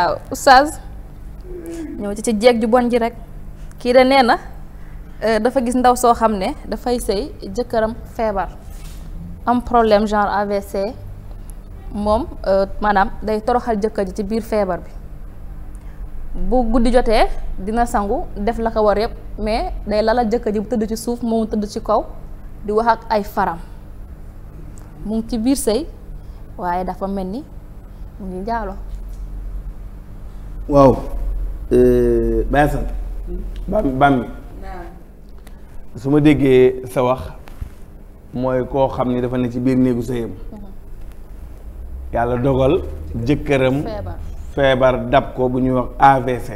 waaw oustaz ñëw ci ci jeeg ju bon ji rek kii de nee na euh, dafa gis ndaw soo xam ne dafay sëy jëkkëram feebar am problème genre AVC moom euh, maanaam day toroxal jëkkër ji ci biir feebar bi bu guddi jotee dina sangu def la war yëpp mais day lala jëkkër ji bu tëdd ci suuf moomu tëdd ci kaw di wax ak ay faram mu ngi ci biir sëy waaye dafa mel ni mu ngi jaalo waaw euh, Baye Assane Bam Bam su ma déggee sa wax mooy koo xam ni dafa ne ci biir néegu sëyam uh-huh. yàlla dogal jëkkëram feebar dab ko bu ñuy wax AVC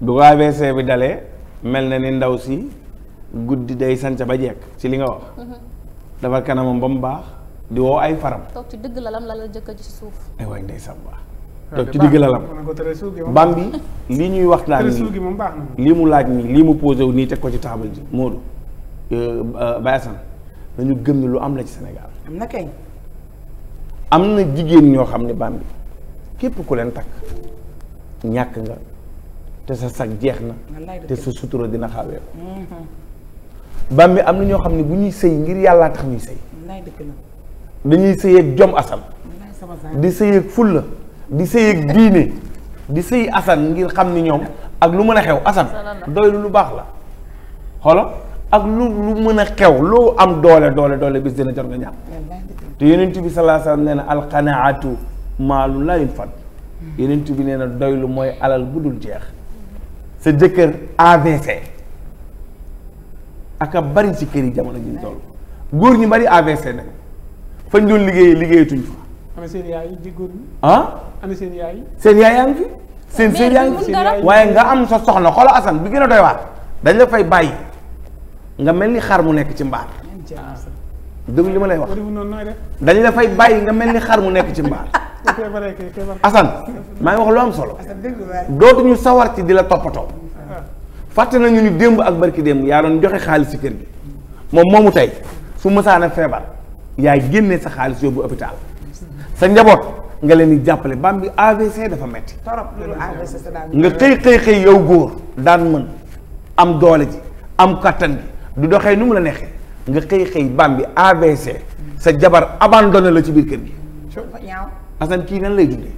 bu ko AVC bi dalee mel na ni ndaw si guddi day sanca ba jekk ci li nga wax uh-huh. dafa kanamam ba mu baax di woo ay faram toog ci dëgg la lam la la jëkkër ci suuf toog ci digg lalam bam bi li ñuy waxtaan nii lii mu laaj nii lii mu posé wu nii te ko ci taabal ji Modou euh, euh, Baye Assane dañu gëm ne lu am la ci Sénégal am na am na jigéen ñoo xam ne bam bi képp ku leen takk ñàkk nga te sa sag jeex na te sa sutura dina xawee ko mm-hmm. bam bi am na ñoo xam ne bu ñuy sëy ngir yàllaa tax ñuy sëy dañuy sëyeeg jom asal di ful la di sëyeeg diine di sëy Assane ngir xam ni ñoom ak lu mën a xew Assane doy lu baax la xolo ak lu lu mën a xew loo am doole doole doole bis dina jot nga ñàkk te yonent bi sallallahu alayhi wasallam nee na alqanaatu maalun laa yunfad yonent bi nee na doylu mooy alal bu dul jeex sa jëkkër AVC aka bari ci kër yi jamono ji góor ñi bari AVC nag fañ doon liggéeyee liggéeyatuñ fa ana seen yaay yi déggoon ah ana seen yaay seen yaay yaa seen seen yaa waaye nga am sa soxna xoola asan bi gën a doy waar fay bàyyi nga mel ni xar mu nekk ci mbaar dégg li ma lay wax dañ la fay bàyyi nga mel ni xar mu nekk ci mbaar asan maa ngi wax lu am solo dootuñu sawar ci di la toppatoo fàtte nañu ni démb ak barki démb yaa doon joxe xaalis ci kër gi moom moomu tey su mësaan a feebar yaay génne sa xaalis yóbbu hôpital sa njaboot nga leen di jàppale baam bi AVC dafa metti nga xëy xëy xëy yow góor daan mën am doole ji am kàttan gi du doxee nu mu la neexee nga xëy xëy baam bi AVC sa jabar abandonné la ci biir kër gi. asan kii nan lay dundee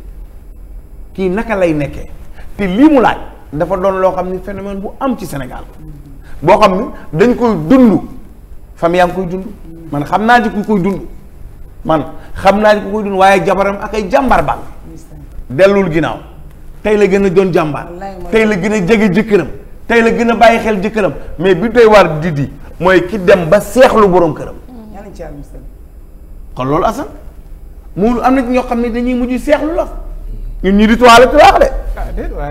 kii naka lay nekkee te lii mu laaj dafa doon loo xam ni phénomène bu am ci Sénégal boo xam ne dañ koy dund fam yaa ngi koy dund man xam naa ji ku koy dund. man xam naa ni ku koy dund waaye jabaram ak ay jàmbaar bal dellul ginnaaw tey la gën a doon jàmbaar tey la gën a jege jëkkëram tey la gën a bàyyi xel jëkkëram mais bi doy waar di mooy ki dem ba seexlu boroom këram mm. kon loolu asan moom am na ñoo xam ne dañuy mujj seexlu la ñun ñu di toile te wax de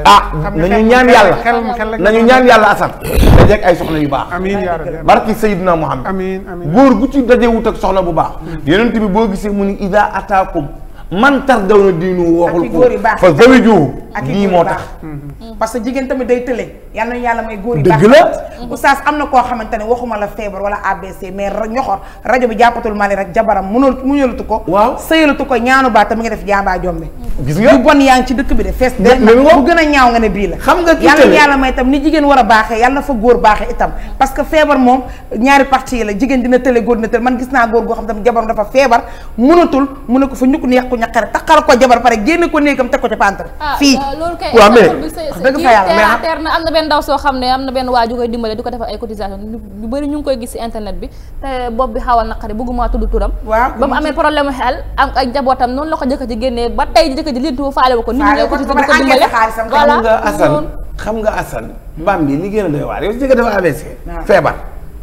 ah nañu ñaan yàlla ñu ñaan yàlla asan dajeeg ay soxna yu baax barki Seydina Muhammad góor gu ci dajewut ak soxna bu baax hmm. yeneen bi boo gisee mu ni ida ataakum man tar daw na diinu waxul ko fa zawijuhu ak lii moo tax mm-hmm. parce que jigéen tamit day tële yal na yàlla may góor yi baax dëgg la am na koo xamante ne waxuma la feebar wala abc mais ñoxor rajo bi jàppatul mali rek jabaram mënul muñalatu ko waaw sëyalatu ko ñaanu baa tamit nga def jaambaa jombe gis nga bu bon yaa ngi ci dëkk bi de fees de bu gën a ñaaw nga ne bii la xam nga yal na yàlla may itam ni jigéen war a baaxee yal na fa góor baaxee itam parce que feebar moom ñaari parti yi la jigéen dina tële góor dina tële man gis naa góor goo xam tam jabaram dafa feebar mënatul mu ne ko fa ñukk ni yàqu ñaqare taxal ko jabar pare génne ko néegam teg ko ca loolu kay waaw mais dëgg fa yàlla mais terre na am na benn ndaw soo xam ne am na benn waaju koy dimbale di ko defal ay cotisation ñu bëri ñu ngi koy gis si internet bi te bopp bi xawal naqari bëgguma tudd turam waaw ba mu amee problème xel am ay njabootam noonu la ko jëkkër ji génnee ba tey jëkkër ji lintu faale ko nit ñi lay cotisé di ko dimbale xam nga Assane xam nga Assane mbaam bi li gën a doy waar yow si jëkkër dafa AVC feebar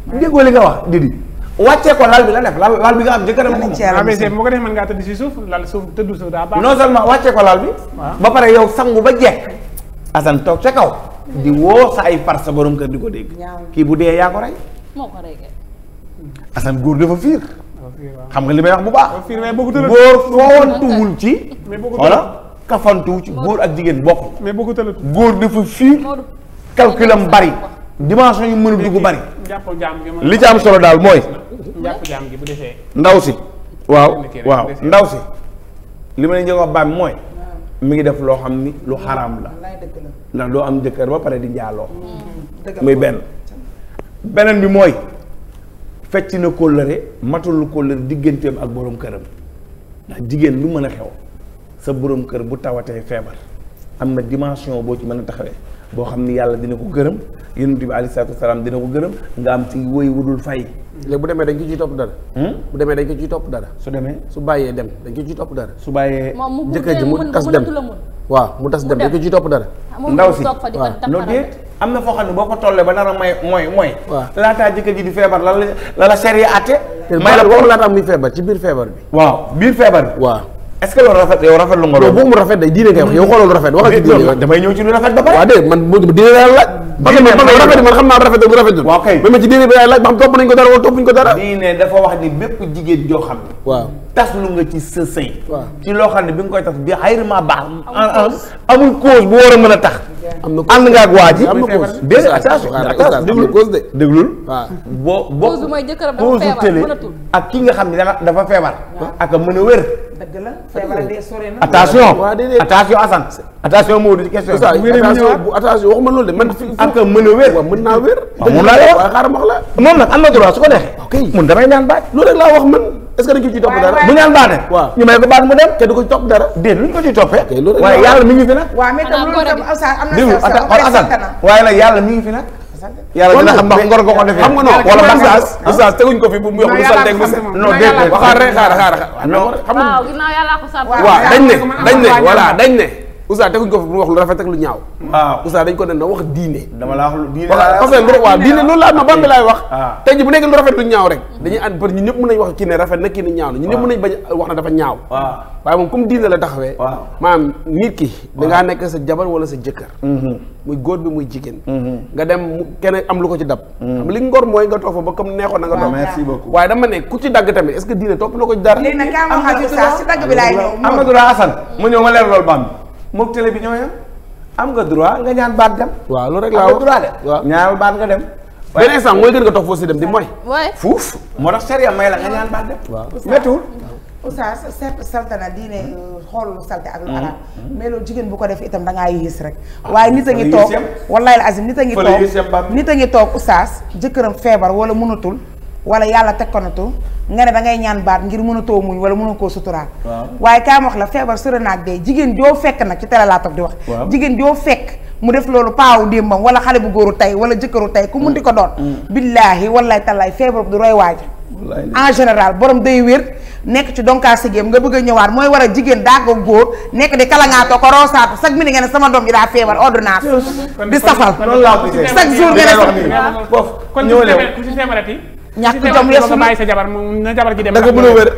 déggoo li nga wax Didi wàccee ko lal bi la def lal lal bi nga am jëkkëram moom ABC moo ko def mën ngaa tëdd si suuf lal suuf wàccee ko lal bi ah. ba pare yow sangu ba jekk asan toog ca kaw di woo sa ay far sa borom kër di ko dégg kii bu dee yaa ko rey moo ko rey asan góor dafa fiir xam nga li may wax bu baax góor foowantuwul ci walla kafantuwu ci góor ak jigéen bokk góor dafa fiir calculam bari dimension yu mën a dugg bari li ci am solo daal mooy njàpp jaam gi bu desee ndaw si waaw waaw ndaw si li ma ne njëkk wax baam mooy mu ngi def loo xam ni lu xaraam la ndax doo am jëkkër ba pare di njaaloo mm, muy benn beneen bi mooy fecc na kóllëre matul kóllëre digganteem ak boroom këram ndax jigéen lu mën a xew sa boroom kër bu tawatee feebar am na dimension boo ci mën a taxawee boo xam ni yàlla dina ko gërëm yonent bi aleyhi salaatu wa salaam dina ko gërëm nga am ci woy wudul fay. léegi bu demee dañ ko ciy topp dara. Hmm? demee dañ ko ciy topp dara. su demee su bàyyee dem dañ ko ciy topp dara. su bàyyee jëkkër ji mu tas dem waaw mu tas dem dañ ko ciy topp dara. Ah, ndaw si waaw non déet am na foo xam ne boo ko tollee ba nar a may mooy mooy. waaw laataa jëkkër ji di feebar lan la la la sariya àtte. may la boobu laata am muy feebar ci biir feebar bi. waa biir feebar waa est rafet yow rafetlu nga loolu bu mu rafet day diine ngay yow xoolal rafet waxal ci diine damay ñëw ci lu rafet ba pare waaw dee man diine laa laaj parce que man rafet man xam naa rafet bu rafetul waaw kay mais ma ci diine bi laaj ba xam topp nañ ko dara wala toppuñ ko dara diine dafa wax ni bépp jigéen joo xam taslu nga ci sa sëy ci loo xam ne bi nga koy tas bi xayrima baax amul cause bu war a mën a tax ànd nga ak waa ji benn attention attention déglul boo boo cause télé ak ki nga xam ne dafa feebar ak a mën a wér attention attention Assane attention moo di question attention waxuma loolu de man ak a mën a wér mën naa wér mën naa wér xaaral wax la moom nag am na droit su ko neexee mun damay ñaan baat loolu rek laa wax man est-ce que dañ ko ciy topp dara bu ñaan baate ñu may ko baat mu dem te du ko ci topp dara déet lu ñu ko ciy toppee waaye yàlla mi ngi fi nag asan waaye nag yàlla mi xam ndax ngor nga ko defee xam nga non wala message message rek xaar xaar xam nga waaw dañ ne dañ ne voilà dañ ne Oustaz teguñ ko dañ ko ne wax diine. dama diine loolu laa ma ban laay wax. Ah. tey bu nekk lu rafet lu ñaaw rek. dañuy ànd na da ngaa nekk sa sa jëkkër. Mm-hmm. muy góor bi muy jigéen. Mm-hmm. nga dem keneen am lu ko ci mm-hmm. ba comme ne ku ci dagg tamit est diine topp na ko dara. léegi nag mu ñëw ma leer loolu baam mook télé bi ñoo yem am nga droit nga ñaan baat dem. waaw loolu rek laa am nga droit ñaan baat nga dem. waaye benn instant mooy gën nga toog foofu si dem di mooy. fuuf moo tax sariya may la nga ñaan baat dem. waaw méttiwul. set certes salte na diine euh, xool lu salte ak lu hmm. araam hmm. mais loolu jigéen bu ko def itam da ngaa yées rek ah, waaye nit a ngi toog wallahi al azim nit a ngi toog nit a ngi toog Oustaz jëkkëram feebar wala mënatul wala yàlla teg ko natu nga ne da ngay ñaan baat ngir mën a too muñ wala mën a koo suturaal waaye kaam wax la feebar sëra naak day jigéen joo fekk nag ci télé laa toog di wax jigéen joo fekk mu def loolu paawu démbam wala xale bu góoru tey wala jëkkëru tey ku mun di ko doon billaahi wallaay tallaay feebar du roy waaja en général borom day wér nekk ci donkaa sigéem nga bëgg a ñëwaat mooy war a jigéen daa ko góor nekk di kalangaatoo ko roosaatu chaque minute nga ne sama doom ji daa feebar ordonnance di safal chaque jour nga ne kon ñëw ñàkk jom a bàyyi sa jabar na jabar ji dem da nga mën a wér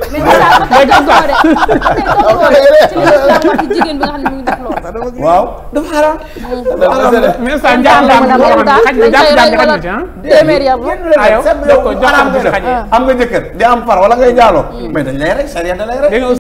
jigéen bi nga xam ne mu ngi def loolu waaw dafa xaraam mais sa njaan daam xaj na jàpp jàpp xaj na ci ayo ko jox am nga jëkkër di am par wala ngay jaaloo mais dañ lay rey sariya da